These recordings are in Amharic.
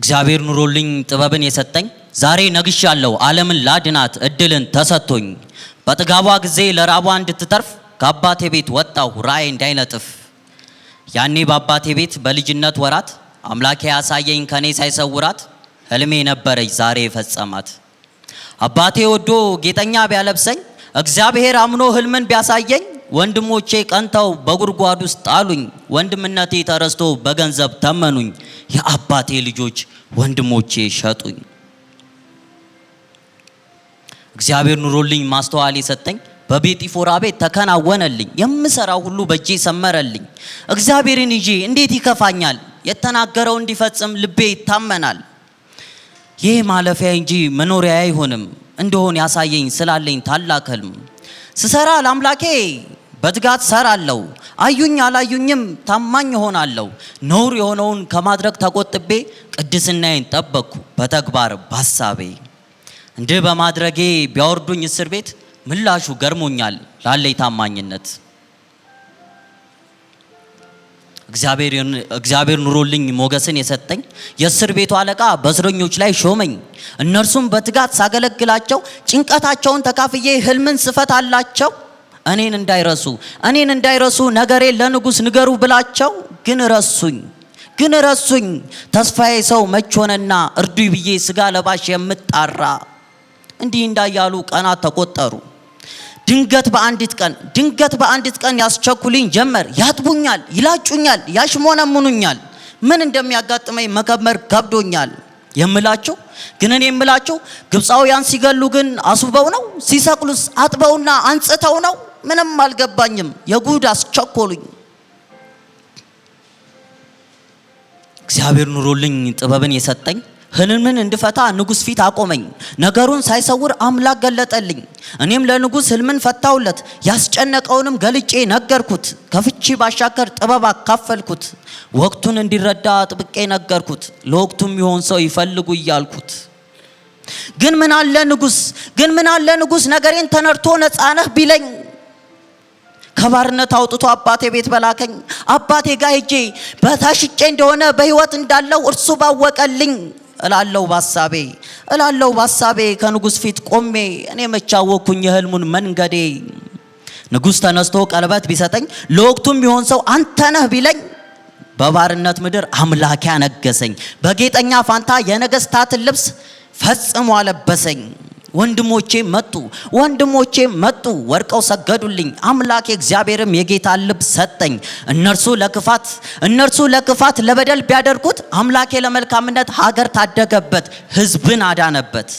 እግዚአብሔር ኑሮልኝ ጥበብን የሰጠኝ ዛሬ ነግሻለሁ ዓለምን ላድናት እድልን ተሰጥቶኝ በጥጋቧ ጊዜ ለራቧ እንድትተርፍ ከአባቴ ቤት ወጣሁ ራእይ እንዳይነጥፍ ያኔ በአባቴ ቤት በልጅነት ወራት አምላኬ ያሳየኝ ከኔ ሳይሰውራት ህልሜ ነበረች ዛሬ የፈጸማት አባቴ ወዶ ጌጠኛ ቢያለብሰኝ እግዚአብሔር አምኖ ህልምን ቢያሳየኝ ወንድሞቼ ቀንተው በጉድጓድ ውስጥ ጣሉኝ። ወንድምነቴ ተረስቶ በገንዘብ ተመኑኝ። የአባቴ ልጆች ወንድሞቼ ሸጡኝ። እግዚአብሔር ኑሮልኝ ማስተዋል የሰጠኝ በቤጢፎራ ቤት ተከናወነልኝ። የምሰራው ሁሉ በእጄ ሰመረልኝ። እግዚአብሔርን ይዤ እንዴት ይከፋኛል? የተናገረው እንዲፈጽም ልቤ ይታመናል። ይህ ማለፊያ እንጂ መኖሪያ አይሆንም እንደሆን ያሳየኝ ስላለኝ ታላቅ ህልም ስሰራ ለአምላኬ በትጋት ሰራለሁ። አዩኝ አላዩኝም ታማኝ እሆናለሁ። ነውር የሆነውን ከማድረግ ተቆጥቤ ቅድስናዬን ጠበቅኩ በተግባር ባሳቤ። እንዲህ በማድረጌ ቢያወርዱኝ እስር ቤት ምላሹ ገርሞኛል ላለኝ ታማኝነት። እግዚአብሔር ኑሮልኝ ሞገስን የሰጠኝ የእስር ቤቱ አለቃ በእስረኞች ላይ ሾመኝ። እነርሱም በትጋት ሳገለግላቸው ጭንቀታቸውን ተካፍዬ ህልምን ስፈታላቸው እኔን እንዳይረሱ እኔን እንዳይረሱ ነገሬን ለንጉስ ንገሩ ብላቸው፣ ግን ረሱኝ ግን ረሱኝ። ተስፋዬ ሰው መች ሆነና እርዱኝ ብዬ ስጋ ለባሽ የምጣራ እንዲህ እንዳያሉ ቀናት ተቆጠሩ። ድንገት በአንዲት ቀን ድንገት በአንዲት ቀን ያስቸኩልኝ ጀመር። ያጥቡኛል፣ ይላጩኛል፣ ያሽሞነምኑኛል። ምን እንደሚያጋጥመኝ መከመር ከብዶኛል። የምላቸው ግን እኔ የምላቸው ግብፃውያን ሲገሉ ግን አስውበው ነው? ሲሰቅሉስ አጥበውና አንጽተው ነው? ምንም አልገባኝም። የጉድ አስቸኮሉኝ። እግዚአብሔር ኑሮልኝ ጥበብን የሰጠኝ ህልምን እንድፈታ ንጉሥ ፊት አቆመኝ። ነገሩን ሳይሰውር አምላክ ገለጠልኝ። እኔም ለንጉሥ ህልምን ፈታውለት፣ ያስጨነቀውንም ገልጬ ነገርኩት። ከፍቺ ባሻገር ጥበብ አካፈልኩት። ወቅቱን እንዲረዳ ጥብቄ ነገርኩት። ለወቅቱም ይሆን ሰው ይፈልጉ እያልኩት ግን ምን አለ ንጉሥ ግን ምን አለ ንጉሥ ነገሬን ተነርቶ ነፃ ቢለኝ ከባርነት አውጥቶ አባቴ ቤት በላከኝ። አባቴ ጋር ሄጄ በታሽጬ እንደሆነ በህይወት እንዳለው እርሱ ባወቀልኝ እላለው ባሳቤ እላለው ባሳቤ ከንጉስ ፊት ቆሜ እኔ መቻወኩኝ የህልሙን መንገዴ ንጉስ ተነስቶ ቀለበት ቢሰጠኝ ለወቅቱም ቢሆን ሰው አንተ ነህ ቢለኝ በባርነት ምድር አምላኬ ነገሰኝ በጌጠኛ ፋንታ የነገስታትን ልብስ ፈጽሞ አለበሰኝ። ወንድሞቼ መጡ ወንድሞቼ መጡ ወድቀው ሰገዱልኝ። አምላኬ እግዚአብሔርም የጌታ ልብ ሰጠኝ። እነርሱ ለክፋት እነርሱ ለክፋት ለበደል ቢያደርጉት አምላኬ ለመልካምነት ሀገር ታደገበት፣ ህዝብን አዳነበት።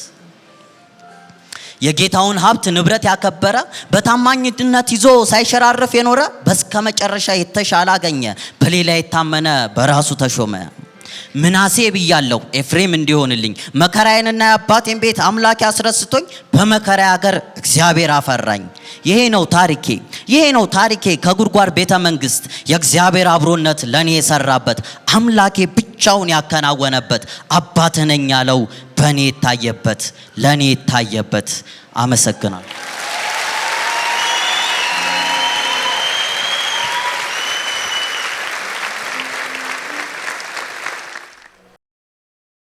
የጌታውን ሀብት ንብረት ያከበረ በታማኝነት ይዞ ሳይሸራርፍ የኖረ በስከ መጨረሻ የተሻለ አገኘ። በሌላ የታመነ በራሱ ተሾመ። ምናሴ ብያለሁ ኤፍሬም እንዲሆንልኝ መከራዬንና የአባቴን ቤት አምላክ አስረስቶኝ በመከራ ሀገር እግዚአብሔር አፈራኝ። ይሄ ነው ታሪኬ፣ ይሄ ነው ታሪኬ። ከጉድጓድ ቤተ መንግስት የእግዚአብሔር አብሮነት ለእኔ የሰራበት አምላኬ ብቻውን ያከናወነበት አባትህ ነኝ ያለው በእኔ የታየበት ለእኔ የታየበት። አመሰግናለሁ።